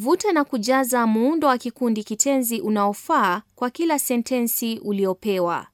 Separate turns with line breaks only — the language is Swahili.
Vuta na kujaza muundo wa kikundi kitenzi unaofaa kwa kila sentensi uliopewa.